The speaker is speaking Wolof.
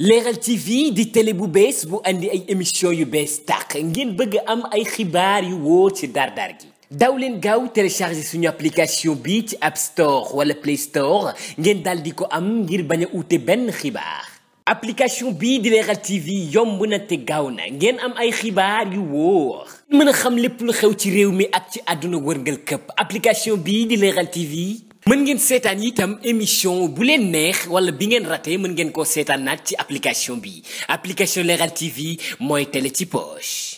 leeral tv di télé bu bees bu andi ay émission yu bees tàq ngeen bëgg am ay xibaar yu wóor ci dar-dar gi daw leen gaaw télécharger suñu application bi ci app store wala play store ngeen daal di ko am ngir bañ a uute benn xibaar application bii di leeral tv yomb na te gaaw na ngeen am ay xibaar yu wóor mën a xam lépp lu xew ci réew mi ak ci àdduna wërngal këpp application bi di leeral tv mën ngeen seetaan itam émission bu leen neex wala bi ngeen raté mën ngeen koo seetaan naat ci application bi application Leral TV mooy télé ci poche